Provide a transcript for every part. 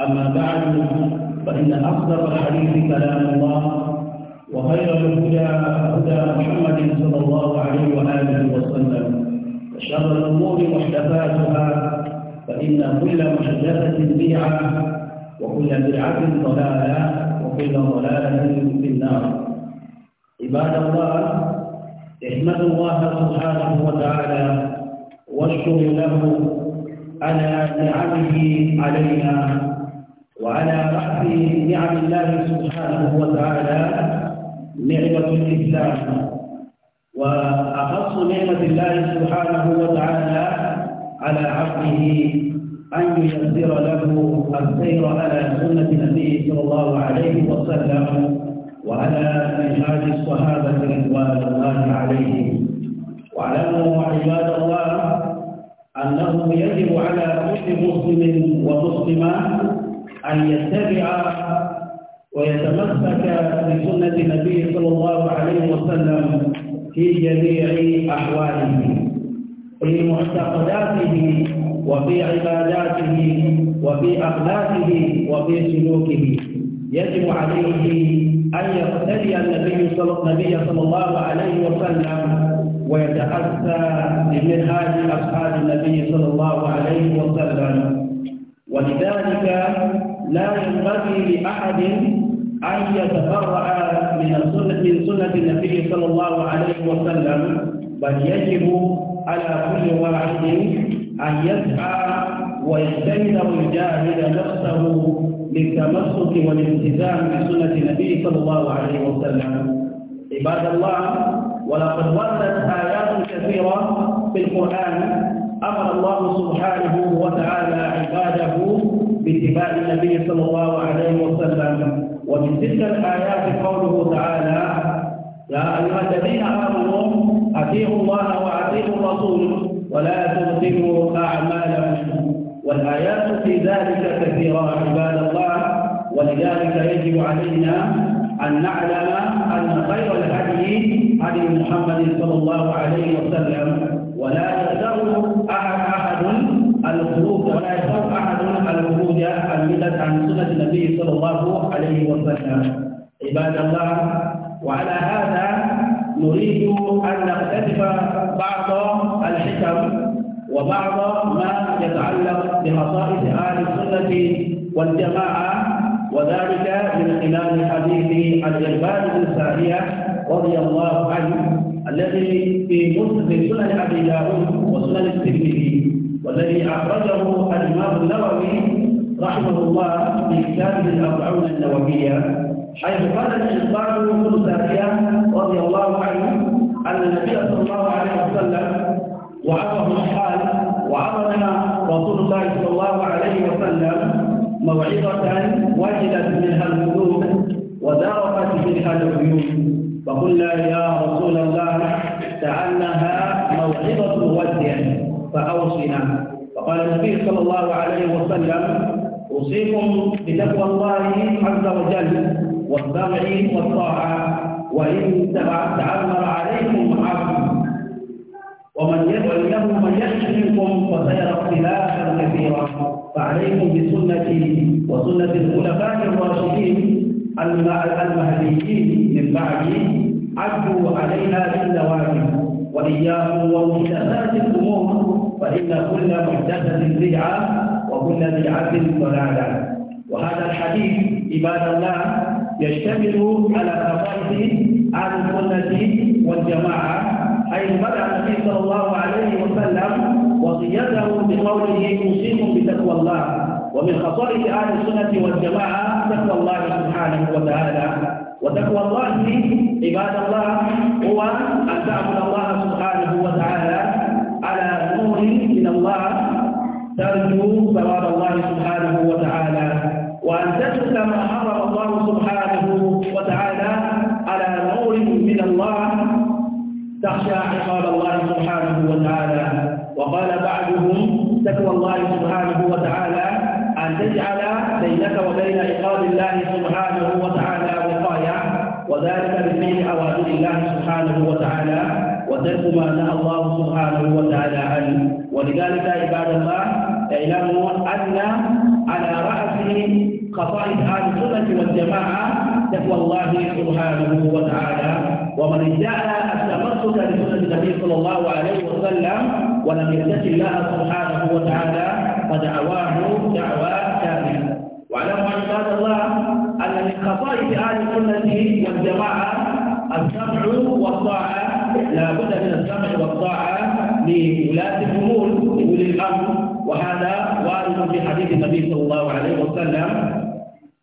أما بعد فإن أصدق الحديث كلام الله وخير الهدى هدى محمد صلى الله عليه وآله وسلم وشر الأمور محدثاتها فإن كل محدثة بدعة وكل بدعة ضلالة وكل ضلالة في النار عباد الله احمد الله سبحانه وتعالى واشكر له على نعمه علينا على رأس نعم الله سبحانه وتعالى نعمة الإسلام وأخص نعمة الله سبحانه وتعالى على عبده أن ييسر له السير على سنة النبي صلى الله عليه وسلم وعلى منهاج الصحابة رضوان الله عليهم واعلموا عباد الله أنه يجب على كل مسلم ومسلمة أن يتبع ويتمسك بسنة النبي صلى الله عليه وسلم في جميع أحواله في معتقداته وفي عباداته وفي أخلاقه وفي سلوكه يجب عليه أن يقتدي النبي صلى النبي صلى الله عليه وسلم ويتأسى بمنهاج أصحاب النبي صلى الله عليه وسلم ولذلك لا ينبغي لأحد أن يتبرأ من سنة من سنة النبي صلى الله عليه وسلم بل يجب على كل واحد أن يسعى ويجتهد ويجاهد نفسه للتمسك والالتزام بسنة النبي صلى الله عليه وسلم عباد الله ولقد وردت آيات كثيرة في القرآن أمر الله سبحانه وتعالى عباده باتباع النبي صلى الله عليه وسلم ومن تلك الآيات قوله تعالى يا أيها الذين آمنوا أطيعوا الله وأطيعوا الرسول ولا تبطلوا أعمالكم والآيات في ذلك كثيرة عباد الله ولذلك يجب علينا أن نعلم أن خير الهدي هدي محمد صلى الله عليه وسلم ولا يزال أحد أحد الخروج ولا يزال أحد الخروج البدع عن سنة النبي صلى الله عليه وسلم عباد الله وعلى هذا نريد أن نقترف بعض الحكم وبعض ما يتعلق بخصائص أهل السنة والجماعة وذلك من خلال حديث الجبال بن سارية رضي الله عنه الذي في مسند سنن أبي داود وسنن الترمذي والذي أخرجه الإمام النووي رحمه الله في كتابه الأربعون النووية حيث قال الإنسان بن سافية رضي الله عنه أن النبي صلى الله عليه وسلم وعظه الحال وعظنا رسول الله صلى الله عليه وسلم موعظة وجدت منها القلوب ودارت منها العيون فقلنا يا رسول الله تعلمها موعظة مودع فأوصنا فقال النبي صلى الله عليه وسلم أوصيكم بتقوى الله عز وجل والسمع والطاعة وإن تعمر عليكم عبد ومن يدعو له من منكم فسيرى اختلافا كثيرا فعليكم بسنتي وسنة الخلفاء الراشدين المهديين من بعدي عدوا عليها بالنواجذ وإياكم ومحدثات الأمور فإن كل محدثة بدعة وكل بدعة ضلالة وهذا الحديث عباد الله يشتمل على قضايا أهل السنة والجماعة حيث بدأ النبي صلى الله عليه وسلم وصيته بقوله أوصيكم بتقوى الله ومن خصائص اهل السنه والجماعه تقوى الله سبحانه وتعالى وتقوى الله عباد الله هو ان تعبد الله سبحانه وتعالى على نور من الله ترجو ثواب الله سبحانه وتعالى وان تترك ما حرم الله سبحانه وتعالى على نور من الله تخشى عقاب الله سبحانه وتعالى وقال بعضهم تقوى الله سبحانه وتعالى أن تجعل بينك وبين عقاب الله سبحانه وتعالى وقاية وذلك بفعل أوامر الله سبحانه وتعالى وترك ما نهى الله سبحانه وتعالى عنه ولذلك عباد الله اعلموا أن على رأس خصائص أهل السنة والجماعة تقوى الله سبحانه وتعالى ومن ادعى التمسك بسنة النبي صلى الله عليه وسلم ولم يتق الله سبحانه وتعالى فدعواه دعوى كاملة واعلموا عباد الله أن من خصائص أهل السنة والجماعة السمع والطاعة لا بد من السمع والطاعة لولاة الأمور لأولي الأمر وهذا وارد في حديث النبي صلى الله عليه وسلم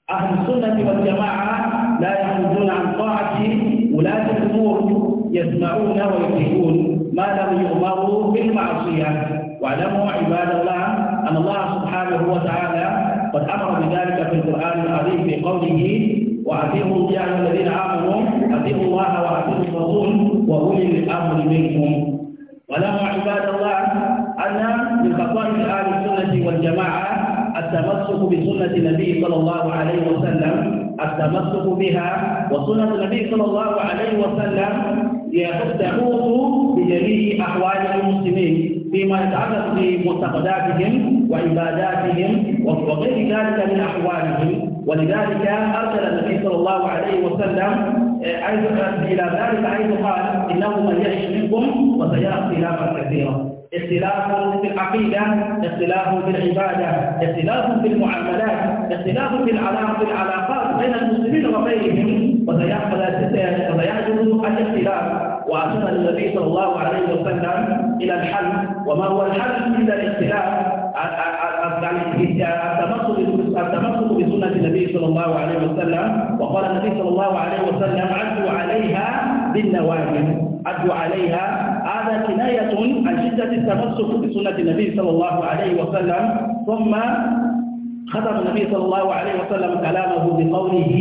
أهل السنة والجماعة لا يخرجون عن طاعة ولاة الأمور يسمعون ويطيعون ما لم يؤمروا بالمعصية واعلموا عباد الله أن الله سبحانه وتعالى قد أمر بذلك في القرآن العظيم في قوله وأطيعوا يا أيها الذين آمنوا أطيعوا الله وأطيعوا الرسول وأولي الأمر منكم ولما عباد الله أن من خصائص أهل السنة والجماعة التمسك بسنة النبي صلى الله عليه وسلم التمسك بها وسنة النبي صلى الله عليه وسلم يخدعوه بجميع أحوال المسلمين فيما يتعلق بمعتقداتهم وعباداتهم وغير ذلك من أحوالهم ولذلك أرسل النبي صلى الله عليه وسلم آه، إلى ذلك حيث قال إنه من يعش منكم وسيرى اختلافا كثيرا اختلاف في العقيدة اختلاف في العبادة اختلاف في المعاملات اختلاف في العلاقات بين المسلمين وغيرهم وسيحدث الاختلاف وأرسل النبي صلى الله عليه وسلم إلى الحل وما هو الحل من الاختلاف يعني التمسك بسنة النبي صلى الله عليه وسلم وقال النبي صلى الله عليه وسلم عدوا عليها بالنواجذ عدوا عليها هذا كناية عن شدة التمسك بسنة النبي صلى الله عليه وسلم ثم ختم النبي صلى الله عليه وسلم كلامه بقوله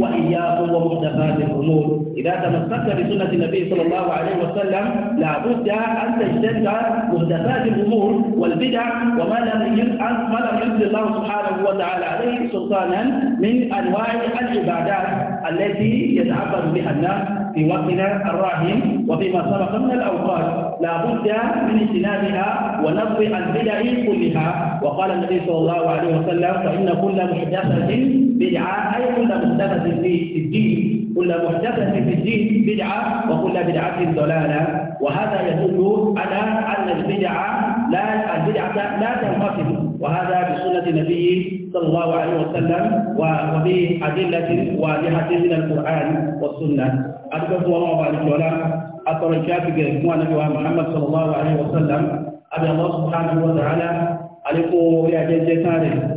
وإياكم ومحدثات الأمور إذا تمسكت بسنة النبي صلى الله عليه وسلم لابد أن تجتنب محدثات الأمور والبدع وما لم ما الله سبحانه وتعالى عليه سلطانا من أنواع العبادات التي يتعبد بها الناس في وقتنا الراهن وفيما سبق من الأوقات لا بد من اجتنابها ونصب البدع كلها وقال النبي صلى الله عليه وسلم فإن كل محدثة بدعة أي كل محدثة في الدين كل محدثة في الدين بدعة وكل بدعة ضلالة وهذا يدل على أن البدعة لا البدعة لا تنقسم وهذا بسنة النبي صلى الله عليه وسلم وبأدلة واضحة من القرآن والسنة أدبت الله عليه أثر أتركات جريموان محمد صلى الله عليه وسلم أبي الله سبحانه وتعالى عليكم يا جنجتانه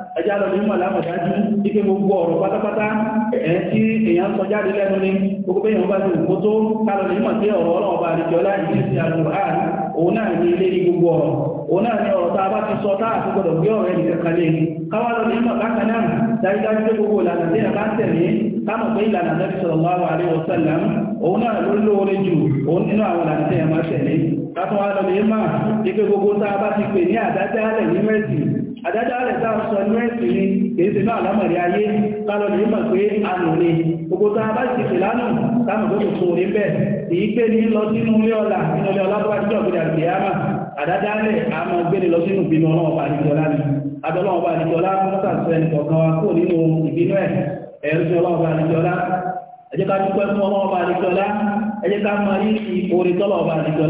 ẹjá lọ ní mọ̀lámọ̀dájú ipé gbogbo ọ̀rọ̀ pátápátá ẹ̀ tí èyàn sọ jáde lẹ́nu ní gbogbo èyàn bá ti òkú tó kálọ̀ ní mọ̀ sí ọ̀rọ̀ ọlọ́ọ̀bá àríkẹ́ọlá ìdíjì àrùn òun náà ní ilé ní gbogbo ọ̀rọ̀ òun náà ní ọ̀rọ̀ tá a bá ti sọ táà tó gbọdọ̀ gbé ọ̀rọ̀ ẹnì kankan lé káwá lọ ní mọ̀ bákan náà dájúdájú pé gbogbo ìlànà tí a bá ń tẹ̀lé káàmù pé ìlànà Nabi sallallahu alaihi wasallam òun náà ló lóore àdájá rẹ̀ sáà sọ ní ẹ̀sìn ni kèése náà lámàrí ayé kálọ̀ ní mọ̀ pé a nù ní gbogbo tá a bá ti fi lánà táwọn tó kò sóore bẹ́ẹ̀ èyí pé ní lọ sínú ilé ọ̀la nínú ilé ọlá tó bá jíjọ́ òkúta ìgbé àmà àdájá rẹ̀ a mọ̀ gbé ní lọ sínú ìbínú ọlọ́ọ̀bà àdìjọ́lá ni adọ́lọ́ọ̀bà àdìjọ́lá mọ́sàtúwẹ̀ nìkọ̀ọ̀kan wa kúrò nínú ìbínú ẹ̀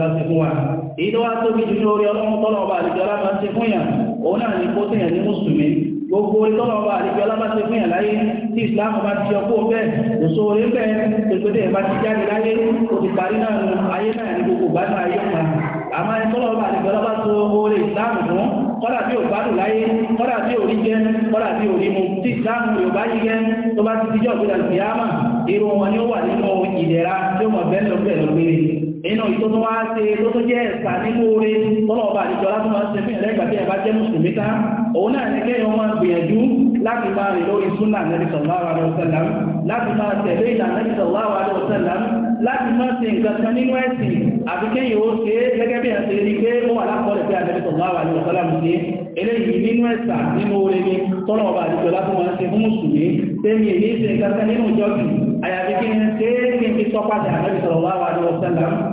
ẹ̀rù sí èyí tó wá tóbi jù lórí ọlọ́run tọ́lọ̀ ọba àdìjọ lábá ti fún yàn òun náà ní kó tẹ̀yàn ní mùsùlùmí gbogbo tọ́lọ̀ ọba àdìjọ lábá ti fún yàn láyé tí ìsìláàmù bá ti ọkọ̀ bẹ́ẹ̀ òṣò orí bẹ́ẹ̀ pèpèdè bá ti jáde láyé kò ti parí náà nu ayé náà ní gbogbo gbádùn ayé kan àmọ́ ẹni tọ́lọ̀ ọba àdìjọ lábá tó orí ìsìláàmù fún kọ́dà bí ò gbádùn láyé kọ́dà bí ò rí jẹ́ kọ́dà bí ò rí mu tí ìsìláàmù yóò bá yí jẹ́ tó bá ti dijọ́ ìgbéra ìgbéyàmà irun wọn ni ó wà nínú ìdẹ̀ra tí ó mọ̀ bẹ́ẹ̀ lọ́gbẹ̀ẹ́ lọ́gbẹ̀ẹ́ nínú ìtò tó wá ṣe tó tó jẹ́ ẹ̀sà nínú orí tọ́lọ̀ọ̀bà àdìjọ láti máa ṣe fún ẹ̀rẹ́gbà tí ẹ̀bá jẹ́ mùsùlùmí tá òun náà ní kéèyàn máa gbìyànjú láti máa rìn lórí súnà nẹ́bí sallallahu láti mọ́ sí nǹkan kan nínú ẹ̀sìn àti kéyìn ó ṣe gẹ́gẹ́ bí ẹ̀sẹ̀ ní pé ó wà lápọ̀lẹ̀ pé àtẹ́lẹ́sọ̀ bá wà ní ọ̀sọ́lá mú sí eléyìí nínú ẹ̀sà nínú orí ní tọ́lọ̀ ọba àti ìjọlá fún wọn ṣe fún mùsùlùmí tẹ́mi èyí ṣe nǹkan kan nínú ìjọ́sìn àyàfi kí n ṣe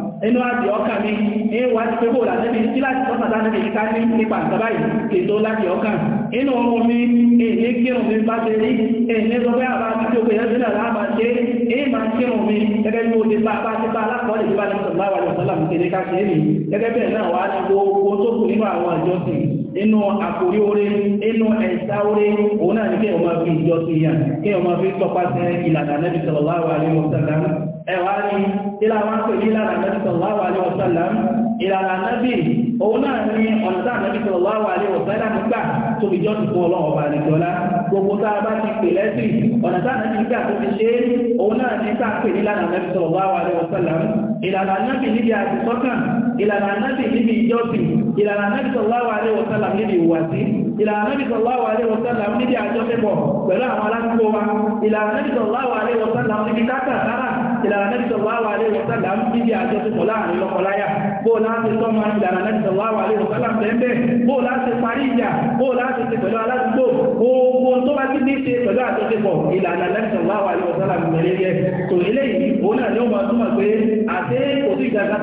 é inú àti ọkà mi ní wà ti pé bò látẹ́bí tí láti tọ́ta látẹ́bí ká ní nípa àtàbáyì ètò láti ọkà inú ọmọ mi èyí kírùn mi bá ṣe rí èyí sọ pé àbá àti tí ó pè ẹ́ sílẹ̀ láàbà ṣe èyí máa kírùn mi gẹ́gẹ́ bí ó ti bá bá ti bá alákọ̀ọ́lẹ̀ tí bá ní sọ̀lá wà ní sọ̀lá mi kéde ká ṣe rí gẹ́gẹ́ bẹ́ẹ̀ náà wà ní gbogbo tó kù nínú àwọn àjọsìn inú àkórí orí inú ẹ̀sá orí òun náà ní kí ọmọ ẹ̀wà ni ìlànà pè ní ìlànà Ànábì sallallahu alaihi wasallam ìlànà Ànábì òun náà ní ọ̀nà Ànábì sallallahu alaihi wasallam nígbà tó fi jọ́ tìkún ọlọ́wọ́ bá ní jọlá gbogbo tá a bá ti pè lẹ́sìn ọ̀nà Ànábì nígbà tó níbi àtìsọ́kàn ìlànà ìlànà nẹ́tọ̀ wà wà lè wọ́sálà ń bí i àjọṣepọ̀ láàrin lọ́kọláya bó láti tọ́mọ ìlànà nẹ́tọ̀ wà wà lè wọ́sálà bẹ́ẹ̀ bó láti parí ìjà bó láti ṣe pẹ̀lú aládùúgbò gbogbo tó bá ti ní ṣe pẹ̀lú àjọṣepọ̀ ìlànà nẹ́tọ̀ wà wà lè wọ́sálà mẹ́rẹ́ yẹ tó eléyìí òun náà ni ó máa túmọ̀ pé àti kò sí ìgbà kan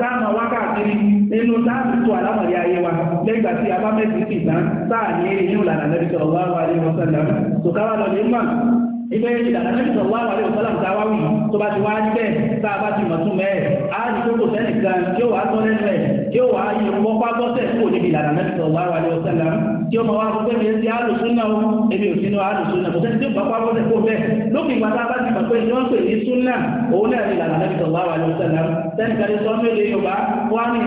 táwọn wá ìgbẹ́ ìlànà ní ìsọ̀ wà wàlẹ̀ òsálàm tá a wá wì tó bá ti wá ní bẹ́ẹ̀ tá a bá ti mọ̀ tún mẹ́ẹ̀ á ní tó kò sẹ́nì kan tí ó wà á tọ́ lẹ́nu ẹ̀ tí ó wà á yẹ wọ́n pa gbọ́sẹ̀ tí kò níbi ìlànà ní ìsọ̀ wà wàlẹ̀ òsálàm tí ó mọ̀ wá gbogbo ẹ̀mí ẹ̀sìn alùsúnà o èmi ò sínú alùsúnà kò sẹ́ni tí ó bá pa gbọ́sẹ̀ kó bẹ́ẹ̀ lókè ìgbà tá a bá ti mọ̀ pé ìjọ́ ń pè ní súnà òun náà ní ìlànà ní ìsọ̀ wà wàlẹ̀ òsálàm sẹ́nìkàlẹ̀ sọ mẹ́lẹ̀ yorùbá wá ní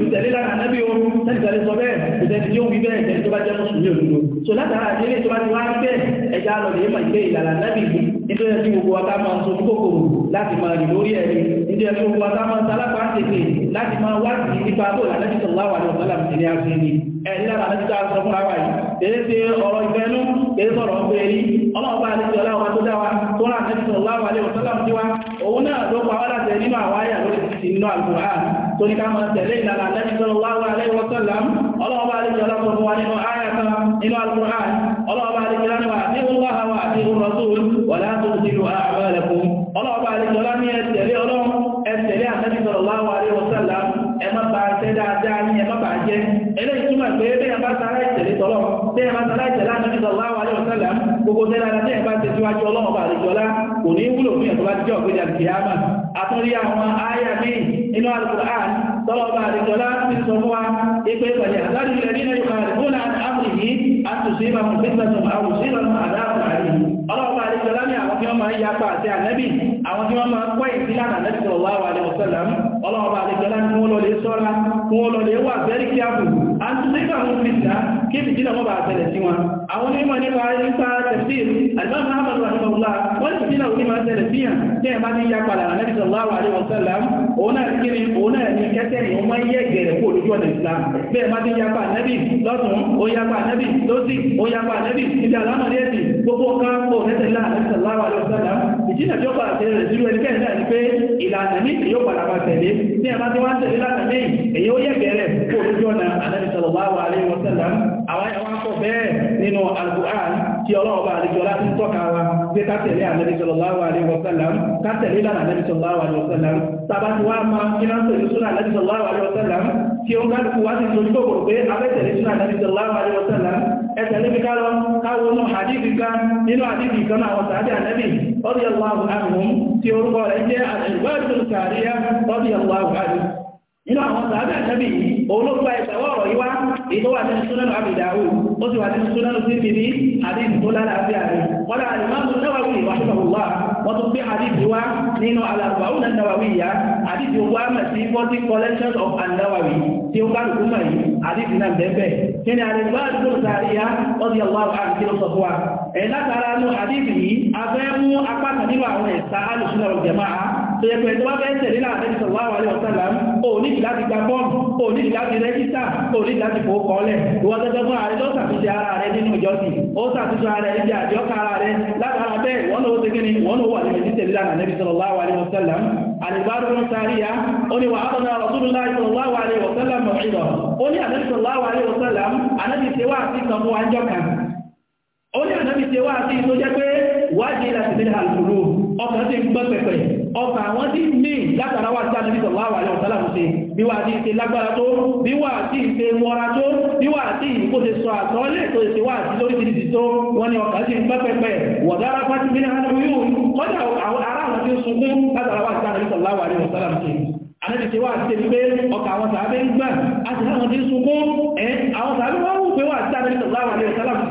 ìtẹ̀lé lára nẹ́bí o sẹ́nìkàlẹ̀ sọ bẹ́ẹ̀ ìtẹ̀lẹ̀ tí ó wí bẹ́ẹ̀ ìtẹ̀lẹ̀ tó bá jẹ́ mùsùlùmí òdodo so látara ìdílé tó bá ti wá bẹ́ẹ̀ ànábì yìí nítorí tí gbogbo ọta máa ń sojú kòkòrò láti máa rìn lórí ẹ̀rí nítorí tí gbogbo ọta máa ń salápa ń tètè láti máa wá sí nípa bó ànábì sallallahu alaihi wasallam ní àfihàn ẹ̀rí lára ànábì tó sọ fúnra wáyé kéré ṣe náà ló pa wá láti nínú àwọn lórí ti nínú tó ní ká máa tẹ̀lé ìlànà الرسول ولا تبطلوا أعمالكم ọlọ́ọ̀bá àlejọ́lá ní ẹ̀tẹ̀lé ọlọ́run ẹ̀tẹ̀lé àtẹ́bí sallallahu alaihi wasallam ẹmọ́ bá tẹ́ dáadáa ní ẹmọ́ bá jẹ́ eléyìí túnmọ̀ pé bí ẹmọ́ sára ìtẹ̀lé tọ́lọ́ bí ẹmọ́ sára ìtẹ̀lé àtẹ́bí sallallahu alaihi wasallam gbogbo tẹ́lá ní ẹmọ́ tẹ̀síwájú ọlọ́ọ̀bá àtúrí àwọn ayà ní inú Al-Qur'an tọ́lọ́bà àdìjọlá ti sọ fún wa ipé ìpàdé àtàrí ilẹ̀ nínú ìpàdé àmì yìí a tù sí ìmọ̀ fún pípẹ̀tùn àwùsí ìrọ̀nà àdáàbò àrí ọlọ́ọ̀bà àdìjọlá ní àwọn tí wọ́n máa ń yapa wọn lọ lè wà very careful and to save àwọn fìtìlá kí fìtìlá wọ́n bá tẹ̀lẹ̀ sí wọn àwọn onímọ̀ nípa nípa tẹ̀síl alimọ́n muhammad wa nípa ọlá wọ́n ti fìtìlá òní máa tẹ̀lẹ̀ sí yàn tí ẹ̀ bá ní ya padà náà nípa ọlá wa àríwọ̀ sẹ́lá òun náà kí ni òun náà ní kẹ́sẹ̀ ni wọ́n máa ń yẹ gẹ̀rẹ̀ kó olójú ọ̀nà ìsìlá bẹ́ẹ̀ bá ní yapa nẹ́bì lọ́sùn ó yapa nẹ́bì lọ́sì ó yapa nẹ́bì ìdí àlámọ̀ ní ẹ̀sìn gbogbo kan kó nẹ́tẹ̀lá nípa ọlá wa àríwọ̀ sẹ́lá ìjìnà tí ó padà tẹ̀lẹ̀ sí ìlú ẹnikẹ́ni náà ni pé ìlànà ní ìyóò padà máa tẹ̀lé tí ẹ bá ti wá tẹ̀lé lórí ẹ̀bẹ̀rẹ̀ kó lójú ọ̀nà Ànábì sallallahu alaihi wasallam àwọn ẹwà sọ bẹ́ẹ̀ nínú Al-Qur'an tí ọlọ́ọ̀bá àríjọlá ti tọ́ka wa pé kátẹ̀lé Ànábì sallallahu alaihi wasallam ó ń kálùkù wá sí ìjọjú kòkòrò pé abẹ́tẹ̀lé súnà Ànábì sallallahu alaihi wasallam ẹ̀tẹ̀lé bí kálọ káwọn náà hadithi kan nínú hadithi kan àwọn sàájì Ànábì radiyallahu anhum tí orúkọ rẹ̀ jẹ́ àtẹ̀lẹ́gbẹ́ nínú àwọn sàábẹ̀ àtẹ́bì yìí olóògbà ìṣẹ̀wọ́ ọ̀rọ̀ yíwá ètò wà nínú súnánù àbìdáwò ó sì wà nínú súnánù sífìrí àdíjì tó lálàáfíà rẹ̀ wọ́n lára àdìmọ́mù náwàwí wàṣíwàwà wọ́n tún gbé àdíjì wá nínú alàbàwò náwàwí yá àdíjì wá mẹ́ sí forty collections of anáwàwí tí ó kálukú mọ̀ yìí àdíjì náà bẹ́ẹ̀ kí ni àdìgbà àdúgbò sàárì yá wọ́n ti yàwó àwọn àdìjì ló sọ fún wa ẹ̀ látara tòyẹ̀pẹ̀ tó bá fẹ́ tẹ̀lé láàrin sọ̀wọ́ àwárí ọ̀sánlá ò níbi láti gba bọ́ọ̀mù ò níbi láti rẹ́jísà ò níbi láti fò kọ́lẹ̀ ìwọ́n gẹ́gẹ́ fún ààrẹ tó ṣàtúnṣe ara rẹ nínú ìjọsìn ó ṣàtúnṣe ara rẹ níbi àjọkà ara rẹ látara bẹ́ẹ̀ wọ́n lówó ṣe kíni wọ́n lówó àti méjì tẹ̀lé láàrin nẹ́bí sọ̀rọ̀ àwárí ọ̀sánlá àlèbárò ń sáré ya ó ní wàhálà náà rọ̀tún láì sọ̀rọ̀ àwárí ọ̀sánlá mọ̀ ìlọ̀ ó ní àlẹ́bí sọ̀rọ̀ àwárí ọ̀sánlá àlẹ́bí ṣe wá àti ìtàn fún wa ń jọ kan ó ní àlẹ́bí ṣe wá àti ìtọ́jẹ́ pé wájí láti nílẹ̀ alùpùpù ọkà sí ń gbọ́n pẹ̀pẹ̀ ọkà àwọn tí mí látara wá sí àdúgbò wà wà lọ́wọ́ sálàmù sí bí wà sí ìṣe lágbára tó bí wà sí ìṣe mọ́ra tó bí wà sí ìkó ṣe sọ àtọ́lẹ̀ tó ṣe wà sí lórí ti dìtò wọn ni ọkà sí ń gbọ́n pẹ̀pẹ̀ wọ̀dára pàtí mí náà yóò kọjá àwọn ará àwọn tí ó sunkún látara wá sí àdúgbò wà lọ́wọ́ sálàmù sí àlẹ́bí ti wá àti pé ọkà àwọn sàábé ń gbà àti láwọn tí ń sunkún ẹ̀ àwọn sàábé wọ́n wù pé wà sí àdúgbò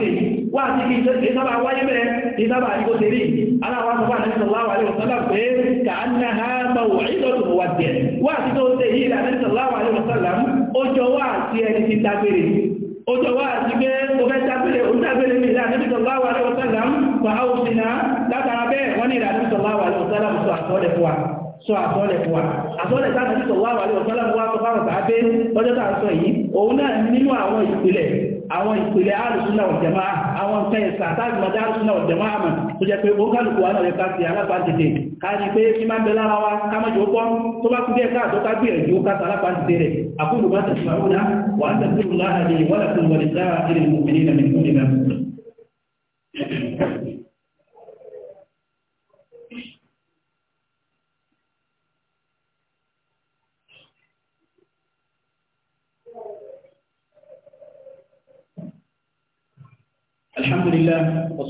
wà ní kí ìsábà wáyé bẹ́ẹ̀ ìsábà àríkò tèrí aláwọ̀ sọ́bà náà sallallahu alaihi wasallam pé ka annaha maw'idatu muwaddi' wà sí tó tẹ̀ yìí ìlànà sallallahu alaihi wasallam ó jọ wà sí ẹni ti dágbére ó jọ wà sí pé ó fẹ́ dágbére ó dágbére ní ìlànà sallallahu alaihi wasallam fa awsina látara bẹ́ẹ̀ wọ́n ní ìlànà sallallahu alaihi wasallam sọ àtọ́lẹ̀ fún àwọn ìpìlẹ̀ alùsùnà ọ̀jẹ̀má àwọn nǹkan ẹ̀sà tàbí mọ̀dá alùsùnà ọ̀jẹ̀má àmà tó jẹ́ pé ó kálùkù wà náà lẹ́ka sí alápàájẹ̀dẹ̀ káàrí pé kí máa ń bẹ lára wa kámọ́jọ ó pọ́n tó bá kúrẹ́ káà tó kágbìyànjú káta alápàájẹ̀dẹ̀ rẹ̀ àkúrò má tẹ̀síwáwó náà wà á tẹ̀síwáwó náà àdéhìwọ́lẹ̀kùn wọ̀lẹ̀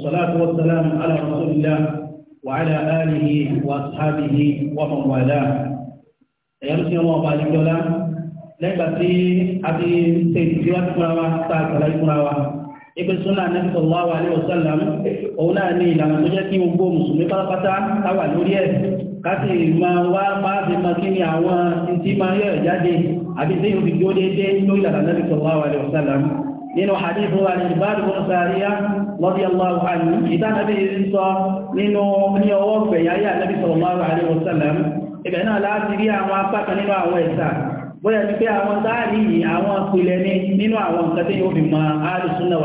والصلاة والسلام على رسول الله وعلى آله وأصحابه ومن والاه ẹ̀yẹ́mùsí ọmọ ọba àdìjọ́lá lẹ́gbàá tí a ti ṣe ìdíwájú fúnra wa tá a kàlàyé fúnra wa ibi súnà ní sallallahu alaihi wasallam òun náà ní ìlànà tó jẹ́ kí gbogbo mùsùlùmí pátápátá táwà lórí ẹ̀ káti máa wá máa fi máa kí ni àwọn tí máa yọ̀ jáde àbí tí yóò fi dúró déédéé lórí ìlànà ní sallallahu alaihi wasallam nínú hadith wa ní ìbáàdì lọ́bí aláwọ̀ àní ìdánàbí sọ nínú ní ọwọ́ fẹ̀yáyà lẹ́bí sọ̀rọ̀láwọ̀ àríwọ̀sẹ̀lẹ̀m ibẹ̀ náà láti rí àwọn apáta nínú àwọn ẹ̀sà bóyá ní pé àwọn táàrí àwọn pìlẹ̀ ní nínú àwọn nǹkan tí yóò fi mọ àrísúnà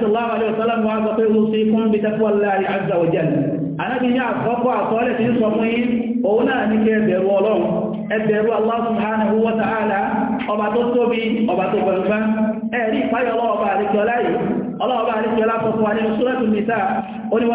ṣe fún bí tẹ́kọ̀ọ́ láàrin azza wa jalla anábi ní àkọ́kọ́ àkọọ́lẹ̀ tí ń sọ fún yí òun náà ní kí ẹbẹ̀rù ọlọ́run ẹbẹ̀rù Allah subhanahu wa ta'ala ọba tó tóbi ọba tó gbọ̀ngbá ẹ̀rí ìpáyọ̀ ọlọ́ọba àríkẹ́ọlá yìí ọlọ́ọba àríkẹ́ọlá fọ́fọ́ wa nínú Suratul Nisa ó ní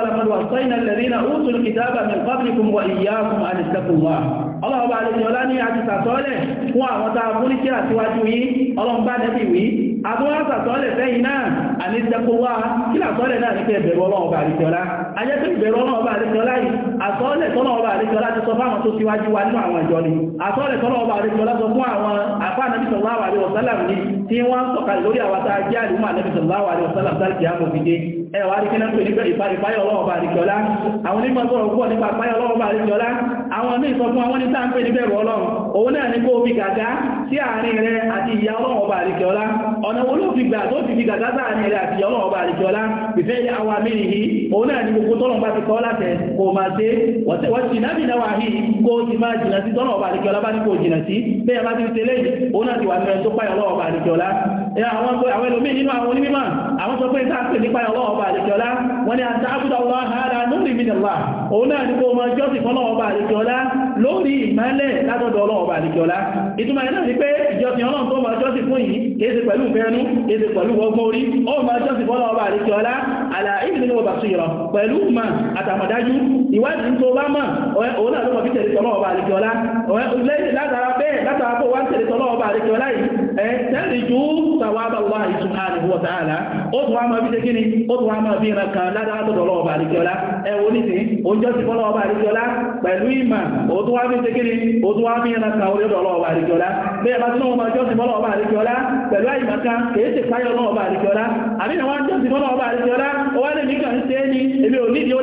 wa ọlọ́ọ̀bá alẹ́ni ọlá ní àti sàtọ́ọ̀lẹ̀ fún àwọn tá a múlí kíra síwájú yìí ọlọ́mbá nẹ́bì wí àbúwá sàtọ́ọ̀lẹ̀ fẹ́yìn náà àníṣẹ́kọwá kí làtọ́ọ̀lẹ̀ náà ní pé ẹ̀bẹ̀rọ ọlọ́ọ̀bá àríkẹ́ọlá ajẹ́ pé ìbẹ̀rọ ọlọ́ọ̀bá àríkẹ́ọlá yìí àtọ́ọ̀lẹ̀ tọ́lọ́ọ̀bá àríkẹ́ọlá ti sọ fáwọn tó síwájú wa nínú àwọn ìjọ ni àtọ́ọ̀lẹ̀ tọ́lọ́ọ̀bá àríkẹ́ọlá sọ fún àwọn àpá ànábì sallallahu alaihi wasallam ni tí wọ́n ń sọ̀kà lórí àwọn tá a jẹ́ àdúmọ̀ ànábì sallallahu alaihi wasallam sáàkì àmọ̀ fìdé ẹwà àríkẹ́lá ń pè nípa ìpayọ̀ ọlọ́ọ̀bá àríkẹ́ọlá àwọn onímọ̀ sọ̀rọ̀ púpọ̀ nípa ìpayọ̀ ọlọ́ọ̀bá àríkẹ́ọlá àwọn ní ìsọ̀tún àwọn ní tàbí ní bẹ̀rù ọlọ́run òun náà ní kó fi gàgá sí àárín rẹ àti ìyá ọlọ́run ọba àríkẹ́ọlá ọ̀nà wo ló fi gbà tó fi fi gàgá sáàrin rẹ àti ìyá ọlọ́run ọba àríkẹ́ọlá pìfẹ́ àwọn amínì yìí òun náà ní gbogbo tọ́lọ̀ bá ti kọ́ látẹ̀ kò máa ṣe àwọn ẹlòmí nínú àwọn onímọ̀ àwọn sọ pé ń tàbí nípa ọlọ́ọ̀bà àlejọ́lá wọ́n ni àti àbúdá ọlọ́ọ̀há ara lórí ìmìnàlá òun náà ní kó mọ jọ́sìn fọ́lọ́ọ̀bà àlejọ́lá lórí ìmọ́lẹ̀ látọ̀dọ̀ ọlọ́ọ̀bà àlejọ́lá ìtumọ̀ náà ni pé ìjọsìn ọlọ́run tó máa jọ́sìn fún yìí kéèsè pẹ̀lú ìfẹ́nu kéèsè pẹ̀lú ọgbọ́n orí ó máa jọ́sìn fọ́lọ́ ọba àríkẹ́ ọlá àlàáìbì nínú ọba sí ìrọ̀ pẹ̀lú ma àtàmọ̀dájú ìwádìí tó bá mọ̀ òun náà ló mọ̀ fi tẹ̀lé tọ́lọ́ ọba àríkẹ́ ọlá àríkẹ́ ọlá yìí ẹ̀ tẹ́lì ju tàwábà wà subhanahu wa ta'ala ó tún wá máa bí ṣe kí ni ó tún wá máa bí ìran kan ládàátọ̀dọ̀ ọlọ́ọ̀bà àríkẹ́ ọlá ẹ̀ wò ní sí oúnjẹ́ sí fọ́lọ́ọ̀bà àríkẹ́ ọlá pẹ̀lú ìmọ̀ ó tún wá bí ṣe kí ni ó tún wá bí ìran kan orí ọlọ́ọ̀bà àríkẹ́ ọlá bẹ́ẹ̀ bá tún ọmọ ìjọ́sìn fọ́lọ́ọ̀bà àríkẹ́ ọlá pẹ̀lú àìmọ̀kan kìí ṣe páyọ̀ ọlọ́ọ̀bà àríkẹ́ ọlá àbí ìwọ̀n ìjọ́sìn fọ́lọ́ọ̀bà àríkẹ́ ọlá ó wá lè mí kàn ṣe é ní èmi ò nídìí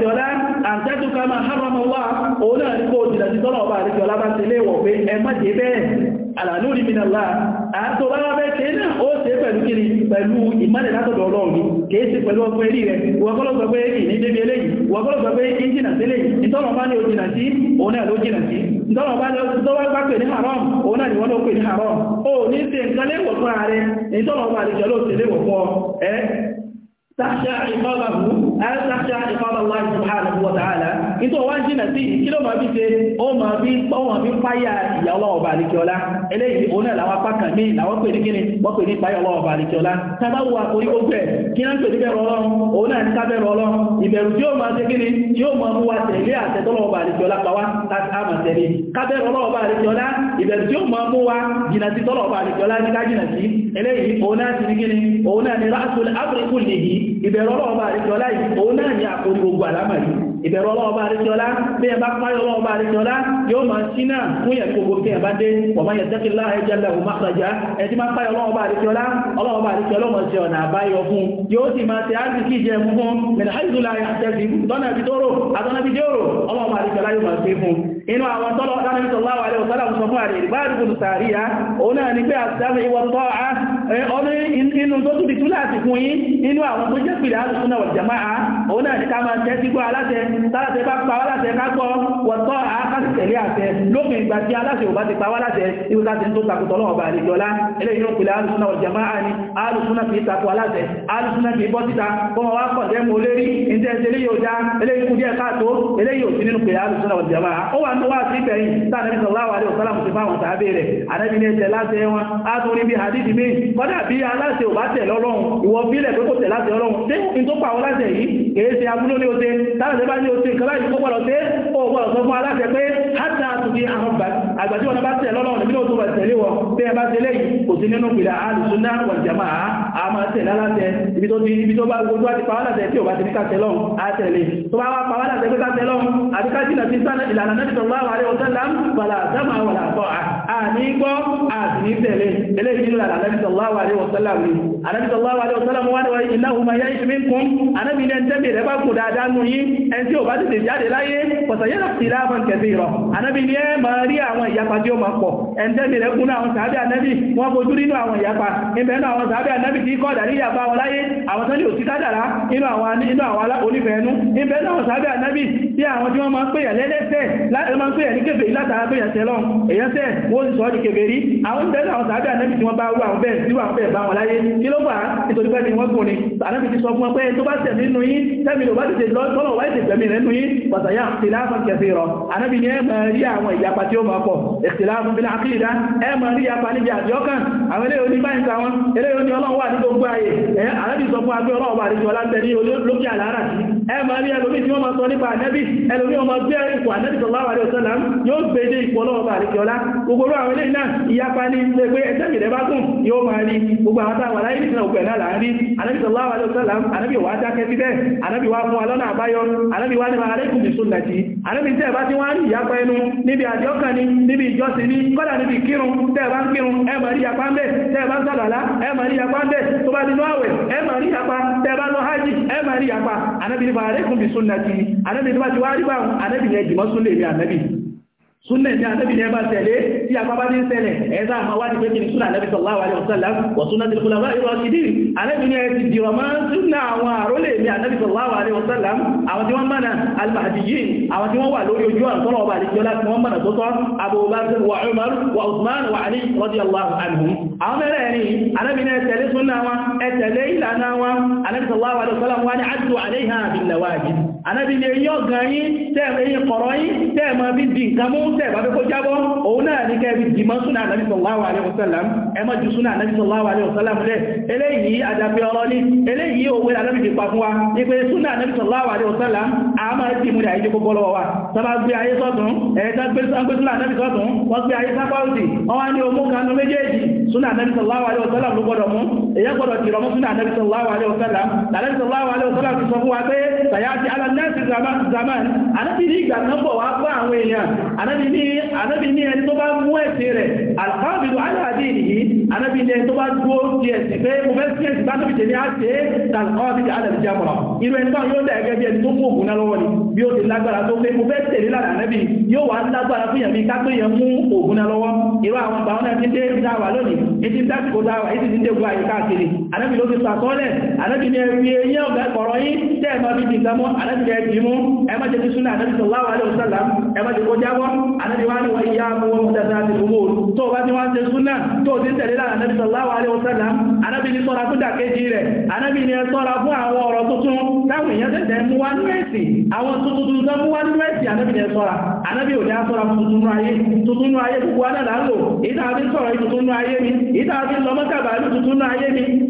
àríkọ̀ọ́lá àtẹ́tùká máa hárọmọ wá òun náà ní kó jìnà sí tọ́lọ̀ ọba àríkọ̀ọ́lá bá ti léèwọ̀ pé ẹ má jẹ́ bẹ́ẹ̀ àlànú rí mìnàlá àtò bá wá bẹ́ẹ̀ kéèdà ó ṣe pẹ̀lú kiri pẹ̀lú ìmọ́lẹ̀ látọ̀dọ̀ ọlọ́run kìí ṣe pẹ̀lú ọkọ̀ eré rẹ̀ wọ́kọ́lọ́sọ pé ìní débi eléyìí wọ́kọ́lọ́sọ pé ìjìnà sílé ìtọ́lọ̀ bá ní o jìnà sí òun náà ló jìnà sí ìtọ́lọ̀ bá bá pè ní haram òun náà ni wọ́n ló pè ní haram ó ní ṣe nǹkan léwọ̀ fún ààrẹ ìtọ́lọ̀ bá àlejò ló ṣe léwọ̀ fún ọ تخشى عقابه أن تخشى عقاب الله سبحانه وتعالى إذا واجنا في كلا ما بيسه أو ما بي أو ما بي فيا يا الله بارك يلا إليه هنا لو أفكر مين لو أقول كني بقول كني فيا الله بارك يلا تبوا أقول أقول كنا نقول كبر الله هنا نكبر الله يبرز يوم ما تكني يوم ما هو تلي أتدل الله بارك يلا بوا تأمن تلي kábẹ́rẹ̀ ọlọ́ọ̀bá àríkẹ́ọlá ìbẹ̀rẹ̀ tí ó máa mú wa jìnà sí tọ́lọ̀ọ̀bá àríkẹ́ọlá ní ká jìnà sí eléyìí òun náà ti ní òun náà ni ráṣùl áfíríkù lè yìí ìbẹ̀rẹ̀ ọlọ́ọ̀bá àríkẹ́ọlá yìí òun náà ni àkórí gbogbo àlámà yìí ìbẹ̀rù ọlọ́wọ́ bá àríkíọlá bí ẹ bá páyọ̀ ọlọ́wọ́ bá àríkíọlá yóò máa sí náà fún yẹ̀ gbogbo tí ẹ bá dé wọ̀má yẹ̀ tẹ́kìlá ẹjẹ́lẹ̀ òmáfàjá ẹ ti máa páyọ̀ ọlọ́wọ́ bá àríkíọlá ọlọ́wọ́ bá àríkíọlá ọmọ sí ọ̀nà àbáyọ fún yóò sì máa tẹ áàzìkì jẹ mú fún mẹ̀lẹ̀ àìsùlá àtẹ́sì lọ́nà ibi tó rò àtọ́nà ibi tí ó rò ọlọ́wọ́ bá àríkíọlá yóò máa sí fún inú àwọn tọ́lọ̀ ọ̀dánàbí sọ̀láwà alẹ́ òsọ́lá jẹ́ sígbó aláṣẹ tààtẹ bá pa wá láṣẹ ká gbọ́ wọ̀tọ́ àákásìtẹ̀lé àṣẹ lópin ìgbà tí aláṣẹ ò bá ti pa wá láṣẹ irú láti ń tó takùtọ̀ lọ́wọ́ bá lè jọlá eléyìí ló pèlè alùsúnà ọ̀jàmá àní alùsúnà kìí takù aláṣẹ alùsúnà kìí bọ́ síta kọmọ wá kọ̀ jẹ́mú olérí ìjẹ́ eléyìí ò já eléyìí kú díẹ̀ káàtó eléyìí ò sí nínú pèlè alùsúnà ọ̀jàmá ó wà ní wá sí ìbẹ̀yìn tààdẹ́bí sọ̀láwà alẹ́ òsálàmù ti fáwọn tàbí rẹ̀ àdẹ́bí ní ẹsẹ̀ láti wọn á tún rí bí hadithi mi kọ́dà bí aláṣẹ ò bá tẹ̀ lọ́lọ́run ìwọ bílẹ̀ pé kò tẹ̀ láti ọlọ́run tí n tó pa àwọn aláṣẹ yìí kèé ṣe abúlé ní ose tààdẹ́bá ní oṣù ìkọlá yìí kọ́gbọ́dọ̀ tẹ́ ó gbọ́dọ̀ sọ fún aláṣẹ pé hátà àtúndì àwọn bá tẹ̀ lọ́lọ́run nínú oṣù tẹ̀lé wọn tẹ́ ẹ bá tẹ́ lẹ́yìn nínú ìpìlẹ̀ alùsùnà wal àti ẹgbẹ́ káṣẹ lọ́wọ́ àti káṣí nàbí sáà ìlànà náà tọ̀lá wà rẹ̀ ọ̀tẹ́lá wàlà àdámà wàlà àtọ́ àní gbọ́ àti ní tẹ̀lé eléyìí nílò àlànà tọ̀lá wà rẹ̀ ọ̀tẹ́lá wì ànábì tọ̀lá wà rẹ̀ ọ̀tẹ́lá wà rẹ̀ ìnáhùn máa yá ìṣẹ́mí kún ànábì ní ẹntẹ́bì rẹ̀ bá kù dáadáa nù yí ẹn tí ò bá tètè jáde láyé pọ̀sàyẹ́rọ ìlà àwọn kẹfì rọ̀ ànábì ní ẹ máa rí àwọn ìyapa tí ó máa pọ̀ ẹntẹ́bì rẹ̀ ní òsítádàrá inú àwọn onífẹ̀ẹ́nu ìbẹ̀ẹ́nu àwọn sàábì ànábì tí àwọn tí wọ́n máa ń pèyà lẹ́lẹ́sẹ̀ láti máa ń pèyà ní kèfèrí látara pèyà tẹ́lọ èyẹ́sẹ̀ wọ́n sì sọ ọ́ di kèfèrí àwọn tẹ́lẹ̀ àwọn sàábẹ̀ ànábì tí wọ́n bá wà bẹ́ẹ̀ sí wà bẹ́ẹ̀ bá wọn láyé kí ló fà á nítorí pé ni wọ́n gùn ni ànábì ti sọ fún wọn pé tó bá tẹ̀mí nù yín tẹ́mi ló bá ti tọ́lọ̀ wáyé ti tẹ̀mí rẹ̀ nù yín pàtàyà ìtìláfún kẹfì rọ ànábì ẹ ma rí ẹlòmí tí wọ́n ma sọ nípa ànẹ́bí ẹlòmí ọmọ gbé ipò ànẹ́bí sallallahu alaihi wasallam yóò gbé dé ipò ọlọ́ọ̀bà àríkẹ́ọlá gbogbo àwọn ilé náà ìyapa ní ilé pé ẹ̀tẹ́mì rẹ̀ bá gùn yóò máa rí gbogbo àwọn táwọn aláìní ìsinà òkú ẹ̀lá láàrin ànẹ́bí sallallahu alaihi wasallam ànẹ́bí wà dákẹ́ síbẹ̀ ànẹ́bí wà fún alọ́nà àbáyọ ànẹ́bí wà nípa aláìkùn ní sunnati ànẹ́bí tẹ́ bá ti wá rí ìyapa ẹnu níbi àjọkàn ni níbi ìjọsìn ni kọ́dà níbi kírun tẹ́ bá ń kírun ẹ mọ̀ rí yapa ń bẹ̀ tẹ́ bá ń sàlàlá ẹ mọ̀ rí yapa ń bẹ̀ tó bá nínú àwẹ̀ ẹ mọ̀ rí yapa tẹ́ bá lọ hajj ẹ mọ̀ rí yapa ànẹ́bí fàárẹ́kùn bí súnnà ti anábì tó bá ti wá rí báhùn anábì yẹn jìmọ́ súnlẹ̀ ìrìn anábì súnlẹ̀ ní àtẹ́bìnrin ẹbá tẹ̀lé tí a bábá ní ṣẹlẹ̀ ẹ̀ẹ́sà àmà wá ní pé kí ní súnlẹ̀ àlẹ́bì sọ̀láwà àlẹ́ ọ̀sọ̀lá wọ̀súnlẹ̀ tí kúlọ̀ báyìí rọ̀ ṣìdí àlẹ́bìnrin ẹ̀ẹ́sì dìrọ̀ ní àtẹ́bì sọ̀láwà àlẹ́ ọ̀sọ̀lá àwọn tí wọ́n mọ̀nà ànábì ni eyín ọ̀gàn yín tẹ́ẹ̀mọ̀ eyín kọ̀rọ̀ yín tẹ́ẹ̀mọ̀ bí di nǹkan mú tẹ́ẹ̀mọ̀ bí kó jábọ́ òun náà ní kẹ́ẹ̀bí dìmọ́ súnà ànábì sallallahu alaihi wasallam ẹmọ́ jù súnà ànábì sallallahu alaihi wasallam lẹ́ eléyìí àdàbí ọ̀rọ̀ ní eléyìí òwe ànábì fi pa fún wa ní pé súnà ànábì sallallahu alaihi wasallam a máa ti mú ìdáyé gbogbo lọ́wọ́ wa sábà gbé ayé sọ́tún ẹ̀ẹ́ta gbé súnà ànábì sọ́tún wọ́n gbé súnà ànábì sallallahu alaihi wasallam ló gbọ́dọ̀ mú èyẹ gbọ́dọ̀ ti rọmú súnà ànábì sallallahu alaihi wasallam ànábì sallallahu alaihi wasallam ti sọ fún wa pé sàyáàtì alánẹ́sì zaman ànábì ní ìgbà kan bọ̀ wá bá àwọn èèyàn ànábì ní ẹni tó bá mú ẹ̀sìn rẹ̀ alhamdu aláàdì nìyí ànábì ní ẹni tó bá dúró di ẹ̀sìn pé mo fẹ́ sí ẹ̀sìn bá tèmi á ṣe é tàbí alẹ́bìtì àmọ̀ràn irú ẹni báwọn yóò dà ẹgẹ́ bí ẹni tó kú òkú náà lọ́wọ́ ni bí ó ti lágbára tó pé mo fẹ́ tẹ̀lé lára lágbára fún yẹ̀mí ká pé yẹn mú òògùn náà lọ́wọ́ irú àwọn bàwọn náà ti dé dáwà lónìí etí dásìkò dáwà etí ti dé gbọ́ àyíká kiri anábì ló fi sàkọ́lẹ̀ anábì ní ẹ̀rí eyín ọ̀gá kọ̀rọ̀ yí tẹ́ ẹ̀mọ́ bí nìkan mọ́ anábì ní ẹ̀bí mú ẹmọ́ jẹ́ ti súnà anábì sallallahu alaihi wasallam ẹmọ́ jẹ́ kó jábọ́ anábì wá ní wọ́n yá mú wọn mọ́tàtà àti òmòrò tó bá ti wá ń ṣe súnà tó ti tẹ̀lé lára anábì sallallahu alaihi wasallam anábì ní sọ́ra fún dàkejì rẹ̀ anábì ní sọ́ra fún àwọn ọ̀rọ̀ tuntun táwọn èèyàn tẹ̀tẹ̀ mú wá nínú ẹ̀sìn àwọn tuntun tó mú wá nínú ẹ̀sìn anábì ní sọ́ra anábì ò ní sọ́ra fún tuntun ayé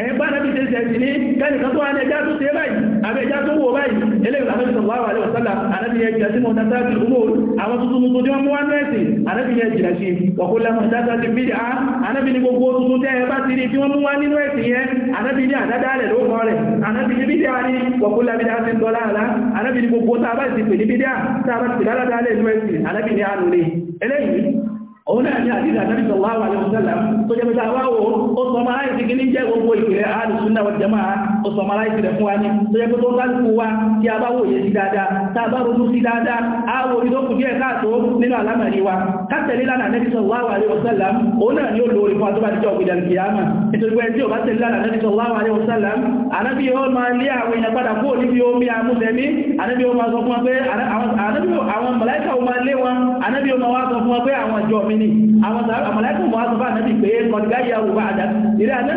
ẹ̀yìn bá nàbí ṣe ṣẹ̀ṣì ní kẹ́nìkan tó wà ní ẹjá tó ṣe báyìí àbẹ́ ẹjá tó wò báyìí eléyìí àbẹ́bí sọ̀rọ̀ wà lẹ́wọ̀ sálà ànábì yẹn jìnà sí mọ̀ dáadáa sí ọmọ àwọn tuntun tuntun tí wọ́n mú wá nẹ́ẹ̀sì ànábì yẹn jìnà sí ọkọ̀ lẹ́mọ̀ dáadáa sí bídà ànábì ní gbogbo tuntun tẹ́ ẹ bá ti rí tí wọ́n mú wá nínú ẹ̀sìn yẹn ànábì ní àdáda rẹ̀ lóko rẹ̀ ànábì ní bídà ní ọkọ̀ lábídà sí dọ́là àlá ànábì ní a bá ti pè ní bídà a bá ti pè lálàdà lẹ́nu ẹ̀sìn ànábì ní òun náà ní àdídà náà sọ̀rọ̀ àwọn àlẹ́ òṣèlú tó jẹ́ pé tá a wá wo ó sọ máa ń ṣe kí ní jẹ́ gbogbo ìpìlẹ̀ àdùsùn wọ́n jẹ́ máa ó sọmaláìsì rẹ̀ fún wa ní tó jẹ́ pé tó lásìkò wa tí a bá wòye sí dáadáa tá a bá ronú sí dáadáa a wo ìdókù díẹ̀ káàtó nínú àlámàrí wa kátẹ̀lé lánà nẹ́bí sallallahu alaihi wasallam òun náà ni ó lóore fún àtúbà níjọ́ ògbèdà kìyàmà nítorí pé tí ò bá tẹ̀lé lánà nẹ́bí sallallahu alaihi wasallam ànábì yóò máa lé àwọn èèyàn padà kúrò níbi omi àmúsẹ̀mí ànábì yóò máa ni àwọn mọ̀láìkà ó máa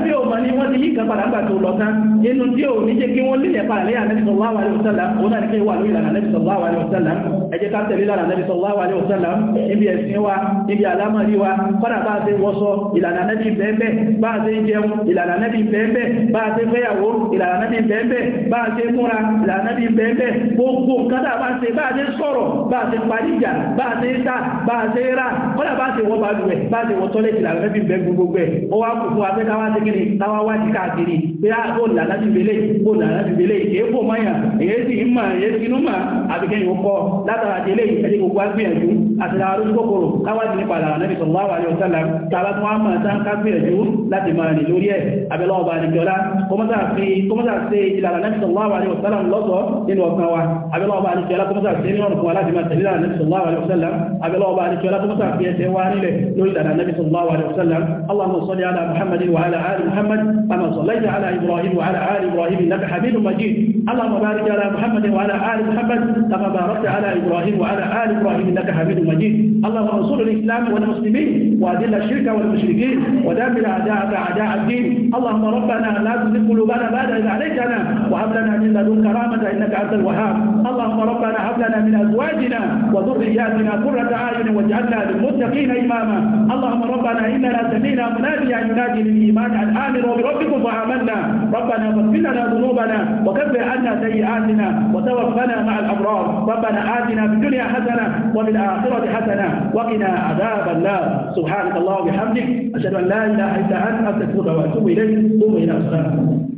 sọ wọ́n ti yí kan padà ń gbà tó lọ tán nínú tí ò ní jẹ́ kí wọ́n lè yẹpa àlẹ́yà nẹ́bí sallallahu alaihi wasallam òun náà ní kí wà lórí ìlànà nẹ́bí sallallahu alaihi wasallam ẹ jẹ́ ká tẹ̀lé lára nẹ́bí sallallahu alaihi wasallam níbi ẹ̀sìn wa níbi àlámọ̀rí wa kọ́nà bá ṣe wọṣọ ìlànà nẹ́bí bẹ́ẹ̀bẹ́ bá ṣe jẹun ìlànà nẹ́bí bẹ́ẹ̀bẹ́ bá ṣe fẹ́yàwó ìlànà nẹ́bí bẹ́ẹ̀bẹ́ bá ṣe múra ìlànà nẹ́bí bẹ́ẹ̀bẹ́ gbogbo nǹkan tá a bá ṣe bá ṣe sọ̀rọ̀ bá ṣe parí ìjà bá ṣe ta bá ṣe rà kọ́nà bá ṣe wọ balùwẹ̀ bá ṣe wọ tọ́lẹ̀ ni káwá wá ní káàkiri pé á bó làlá ti bèlè bó làlá ti bèlè èébò mọ́yà èyí sì ń mọ̀ èyí sì látara àtẹ́lẹ̀ ìfẹ́lẹ̀ gbogbo agbìyànjú àti àrùn kòkòrò káwàdì nípa àlàrà náà sallallahu alaihi wasallam tàbá tún wá máa tán kágbìyànjú láti máa rìn lórí ẹ̀ abẹ́lọ́ọ̀bà nìjọlá kọmọ́sà sí ìlànà náà sallallahu alaihi wasallam lọ́sọ̀ nínú ọkàn wa abẹ́lọ́ọ̀bà nìjọlá kọmọ́sà sí nínú ọ̀nà fún wa láti máa tẹ̀lé ìlànà náà sallallahu alaihi wasallam abẹ́lọ́ọ̀bà nìjọlá kọmọ́sà sí ẹsẹ̀ wa nílẹ̀ lórí ìlànà náà sallallahu alaihi wasallam Allahumma salli ala Muhammadin wa ala ali Muhammad kama اللهم بارك على محمد وعلى آل محمد كما باركت على إبراهيم وعلى آل إبراهيم إنك حميد مجيد اللهم انصر الإسلام والمسلمين وأذل الشرك والمشركين ودمر أعداءك أعداء الدين اللهم ربنا لا تزغ قلوبنا بعد إذ هديتنا وهب لنا من لدنك رحمة إنك أنت الوهاب اللهم ربنا هب لنا من أزواجنا وذرياتنا قرة أعين واجعلنا للمتقين إماما اللهم ربنا إننا سمينا مناديا ينادي للإيمان أن آمنوا بربكم فآمنا ربنا فاغفر لنا ذنوبنا وكفر عنا سيئاتنا وتوفنا مع الأبرار ربنا آتنا في الدنيا حسنة وبالآخرة حسنة وقنا عذاب الله سبحانك الله وبحمدك أشهد أن لا إله إلا أنت أستغفرك وأتوب إليك قوم إلى الصلاة